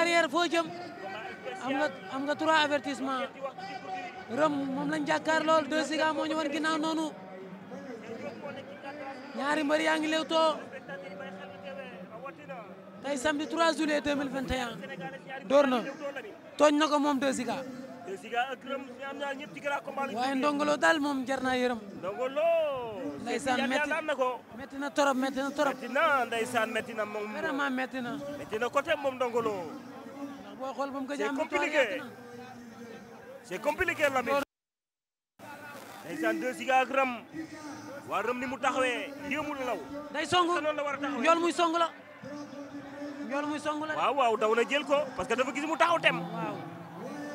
arrière foo jëm am nga am nga trois avertissement rëm moom lañ jàkkaar lool deux Siga moo ñu wan ginnaaw noonu ñaari mbër yaa ngi lewtoo tey samedi 3 juillet 2021 door na tooñ na ko moom deux waaye ndongolo daal moom jar naa yërëm ndeysaan metti metti na torop metti na torop metti na na moom vraiment metti moom ndongolo c'est compliqué c'est compliqué Lamine. ndeysaan deux Giga ak Rëm waa Rëm ni mu taxawee yéemu law. day song yool muy song la. yool muy song la waaw waaw daw na jël ko parce que dafa gis mu taxaw tem. waaw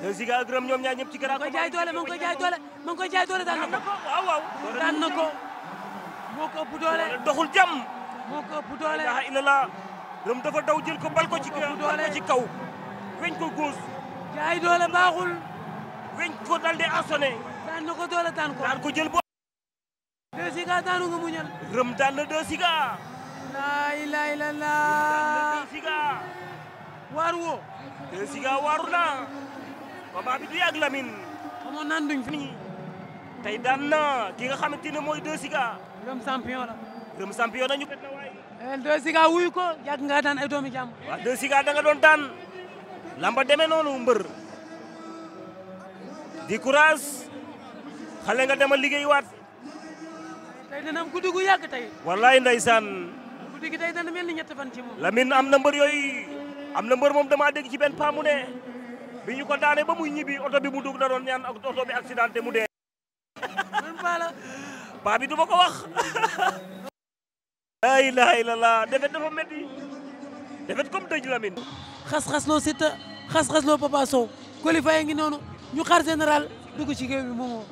deux ak Rëm ñoom ñaa ñëpp ci garaag. ma ngi koy jaay doole ma ngi koy jaay doole ma ngi daan na ko waaw waaw. doole doxul jàmm. moo ko ëpp doole. yaa illallah Rëm dafa daw jël ko bal ko ci kaw. weñ ko góos. jaay doole baaxul. weñ ko dal di assoné. daan na ko doole daan ko. daan ko jël bo. deux siga daanu nga muñal. rëm daan na deux siga. laa ilaaha illallaah. deux siga. waaru woo. deux siga waaru naa. combat bi du yàgg Lamine. xamoon naan duñ fi. tey daan na ki nga xamante ne mooy deux siga. rëm champion la. rëm champion nañu. deux siga wuyu ko yàgg nga daan ay doomi jàmm. waaw deux siga da doon daan. lamba demee noonu mbër di courage xale nga dema liggéeyuwaat. tey dana am guddi gu yàgg tey. wallaay ndeysaan. guddi gi tey dana ni ñetti fan ci am na mbër yooyu am na mbër moom damaa dégg ci benn paa mu ne bi ñu ko daane ba muy ñibbi oto bi mu dugg da doon ñaan ak oto bi accidenté mu dee. man bi du ma ko wax. (laughs) la ilaha illallah defe dafa metti defet comme dëj Lamine. xas-xas loo Siteu xas-xas loo Papa Sow qualifié ngi noonu ñu xaar général dugg ci géew bi moomoo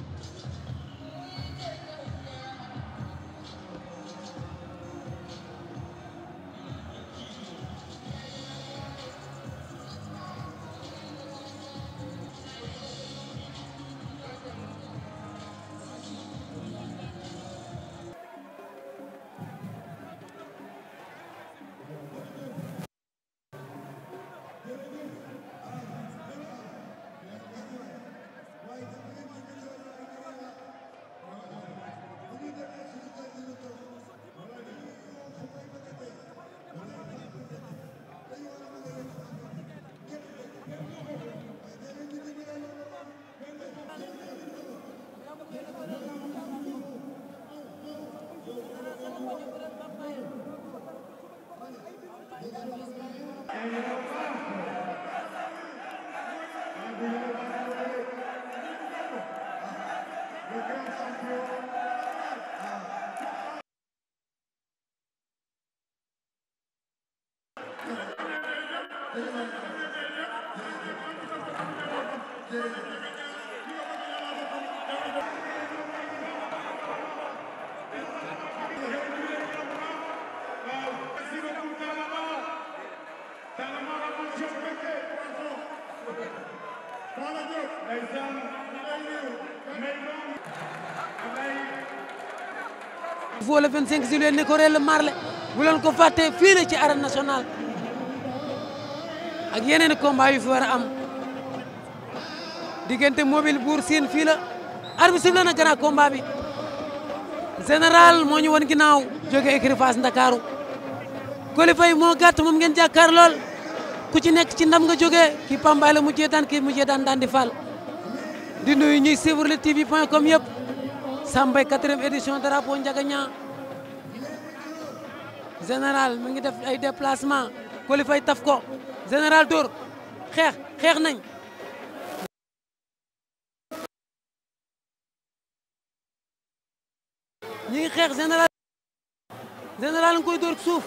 foo le 25 juillet ne ko rel marle bu ko fàttee fii la ci arène nationale ak yeneen combat yu fi war a am diggante mobile buur siin fii la arbitre bi la na grand combat bi général moo ñu won ginnaaw jóge écurie Ndakaaru Coly Faye moo gàtt moom ngeen jàkkaar ku ci nekk ci ndam nga jógee ki pambaay la mujjee daan ki mujjee daan daan di fal di nuyu ñuy suivre le tv point com yëpp Sambay quatrième édition drapeau Ndiagaña général mi ngi def ay déplacement Coly Faye ko général dóor xeex xeex nañ ñi ngi xeex général général nga koy dóor suuf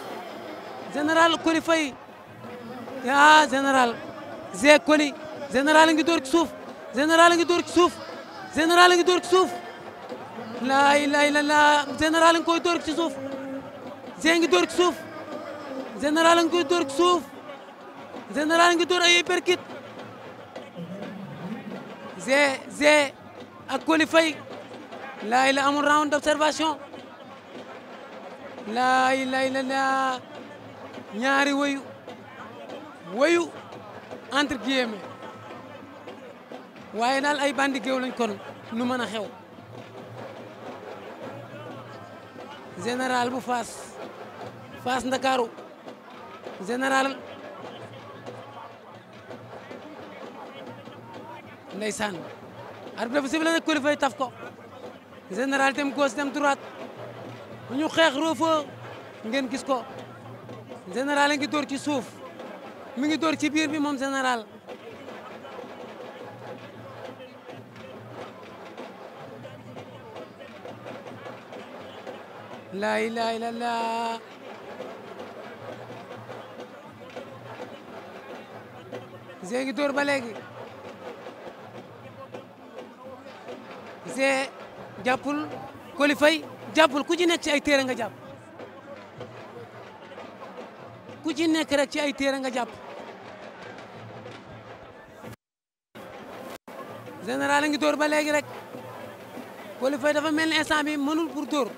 général Coly Faye ah général Zé Coly général ngi dóor suuf général ngi dóor suuf général ngi dóor suuf laa ilaaha laa général nga koy dóor ci suuf Zé ngi dóor ci suuf général nga koy dóor ci suuf général nga dóor ay perkit Zé Zé ak Coly Faye laa amul round d'observation laa ilaaha illallaah ñaari wayu wayu entre guillemets waaye daal ay bandi géew lañ kon nu mën a xew général bu Fass Fass Ndakaaru général ndeysaan arbitre bi sifflé na Coly Faye taf ko général tem gauche tem droite ñu xeex roofoo ngeen gis ko général a ngi door ci suuf mu ngi door ci biir bi moom général laa ilaaha illallaah Zé ngi dóor ba léegi Zé jàppul Coly Faye jàppul ku ci nekk ci ay téere nga jàpp ku ci rek ci ay téere nga jàpp général a ngi dóor ba léegi rek Coly Faye dafa mel ni instant bi mënul pour dóor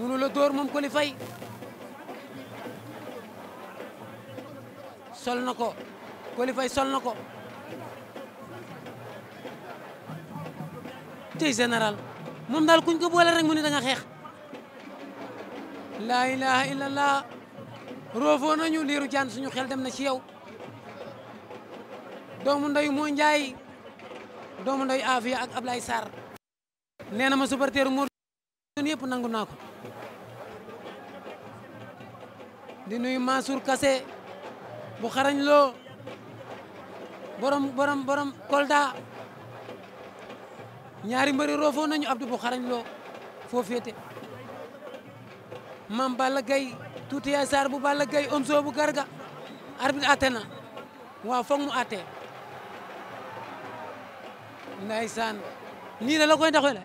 munu la dóor moom Coly Faye sol na ko Coly sol na ko tey général moom daal kuñ ko boole rek mu ne da xeex laa ilaha illallah roofoo nañu liiru jaan suñu xel dem na ci yow doomu ndeyu moo njaay doomu ndeyu Afia ak Ablaye Sarr nee ma supporteru moo kon yëpp nangu naa ko di nuyu Mansour Kassé bu xarañ loo borom borom borom Kolda ñaari mbëri roofoo nañu Abdou bu xarañ loo foo féete maam Balla Gaye tuuti yaay Sarr bu Balla Gaye omso garga arbitre atte na waaw foog mu atte ndeysaan nii la la koy doxale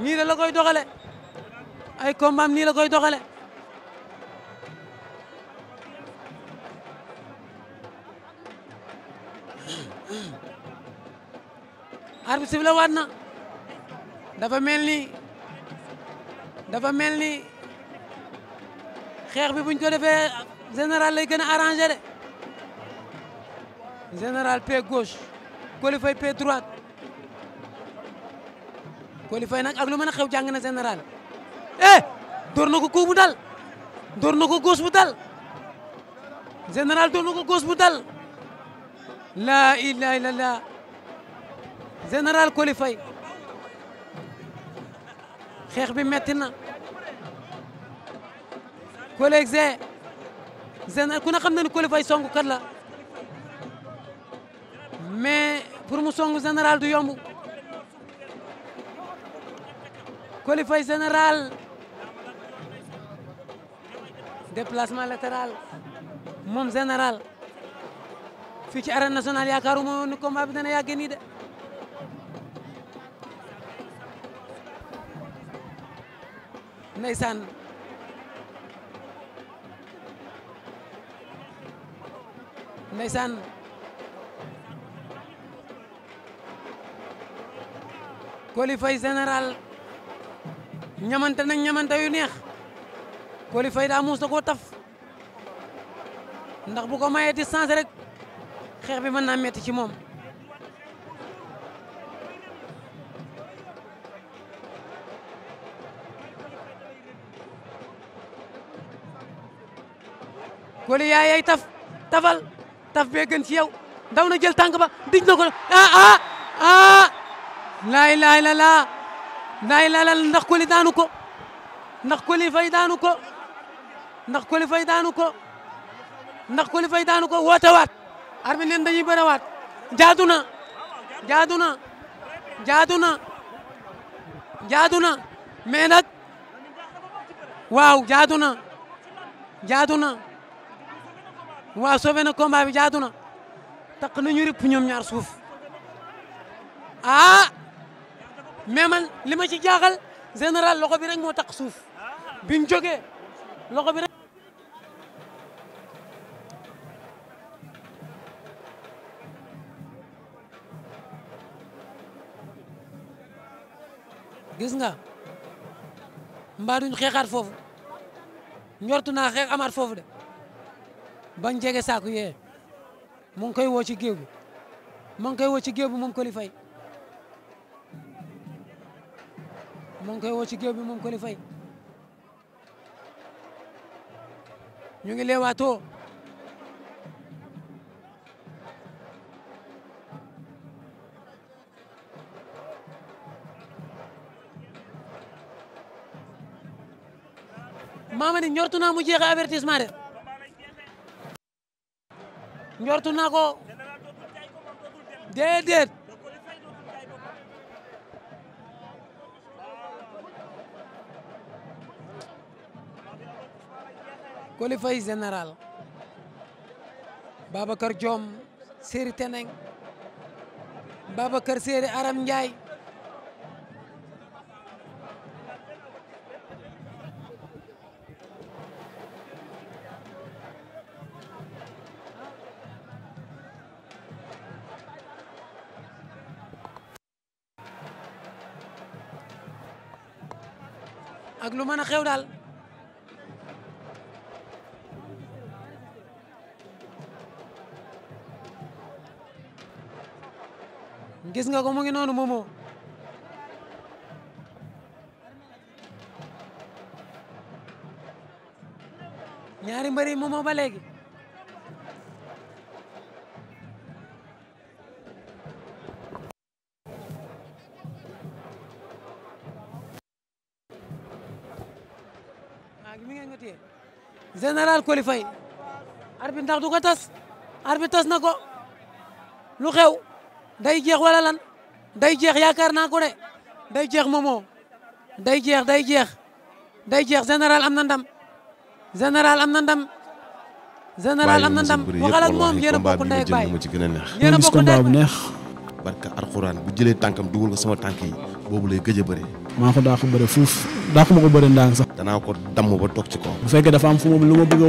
nii la la koy doxale ay kombaam nii la koy doxale arbi sif la waat na dafa mel ni dafa mel ni xeex bi buñ ko defee général lay gën a arrangé de général pied gauche Coly Faye pied droite Coly Faye nag ak lu mën a xew jàng na général eh door na ko coup bu dal door na ko góos dal général door na ko góos bu dal laa ilaha général Coly xeex bi metti na collègue général ku ne xam na ne Coly Faye songkat la mais pour mu song général du yomb Coly Faye général déplacement latéral moom général fii ci arène nationale yaakaaruma woon ni combat bi dana nii de ndeysaan ndeysaan Coly général ñamante na ñamante yu neex Coly Faye daa koo taf ndax bu ko ma mayee distance rek xeex bi mën naa meti ci moom Coly yaay taf tafal taf bee gën ci yow daw na jël tànk ba dij na ko ah ah ah laay la laa ndaay lalal ndax Coly daanu ko ndax Coly fay daanu ko ndax Coly Faye daanu ko ndax Coly Faye daanu ko woote waat arbitre leen dañuy bëre waat jaadu na jaadu na jaadu na jaadu na mais nag waaw jaadu na jaadu na waaw sauvé na combat bi jaadu na taq nañu rëpp ñoom ñaar suuf ah mais man li ma ci jaaxal général loxo bi rek moo tax suuf biñ joge loxo bi rek. gis nga mbaa duñ xeexaat foofu njortu naa xeex amaat foofu de bañ jege saako yee mu ngi koy woo ci géew bi mu ngi koy woo ci géew bi moom ko li fay mu ngi koy woo ci géew bi moom Coly Faye ñu ngi leewaatoo maama ni njortu naa mu jeexe avertissement de njortu naa ko déedéet kilifa yi général Babacar Diom Seri Teneng Babacar Seri Aram Ndiaye ak lu mën a xew daal gis nga ko mu ngi noonu Momo ñaari mbari Momo ba léegi waa gi mi ngeen ko téye général Coly Faye arbitre ko tas arbitre tas na ko lu xew day jeex wala lan day jeex yaakaar naa ko de day jeex moomoo day jeex day jeex day jeex général am na ndam général am na ndam. général am na ndam waxal ak moom yéen a bokk ndey ak baay bu jëlee tànkam dugal ko sama tànk yi boobu lay gëj a bëri. maa ko daa ko bëri fuuf daa ko ma ko sax. danaa ko damm ba toog ci kaw. bu fekkee dafa am fu mu lu ma bëgg a